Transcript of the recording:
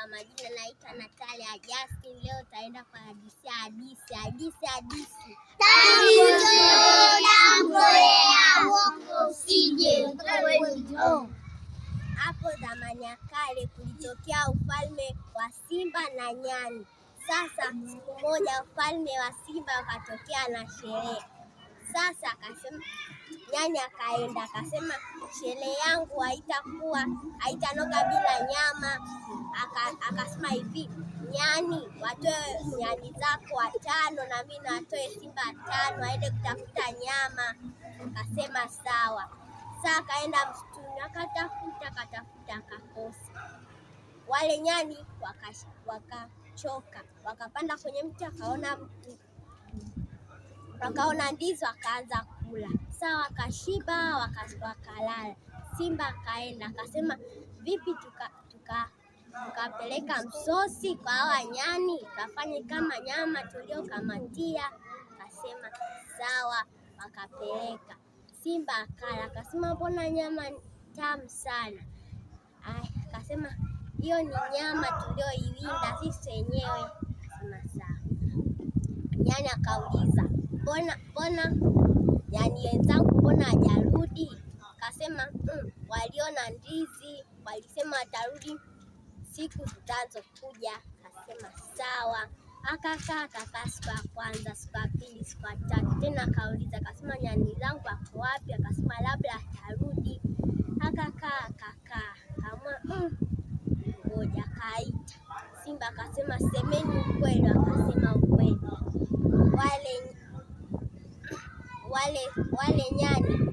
kwa majina naitwa Natalia Justin. Leo taenda kwa hadisi hadisi hadisi hadithi hapo zamani ya kale kulitokea ufalme wa simba na nyani. Sasa siku moja ufalme wa simba ukatokea na sherehe sasa akasema nyani akaenda akasema, sherehe yangu haitakuwa haitanoga bila nyama. Akasema hivi, nyani watoe nyani zako watano na mimi natoe simba tano aende kutafuta nyama. Akasema sawa. Sasa akaenda msituni akatafuta akatafuta akakosa. Wale nyani wakachoka waka wakapanda kwenye mti, akaona mtu wakaona ndizi wakaanza kula. sawa wakashiba wakalala. Simba akaenda akasema, vipi tuka, tuka tukapeleka msosi kwa hawa nyani tukafanye kama nyama tuliokamatia. Akasema sawa, wakapeleka. Simba akala, akasema mbona nyama tamu sana. Akasema hiyo ni nyama tulioiwinda sisi wenyewe. Akasema sawa. Nyani akauliza mbona mbona, yani wenzangu mbona hajarudi? Akasema mm, waliona ndizi, walisema atarudi siku zitazokuja. akasema sawa. Akakaa akakaa, siku ya kwanza, siku ya pili, siku ya tatu, tena akauliza, akasema nyani zangu ako wapi? Akasema labda atarudi. Akakaa akakaa, kama mm, ngoja, kaita simba, akasema semeni ukweli. Akasema wale wale nyani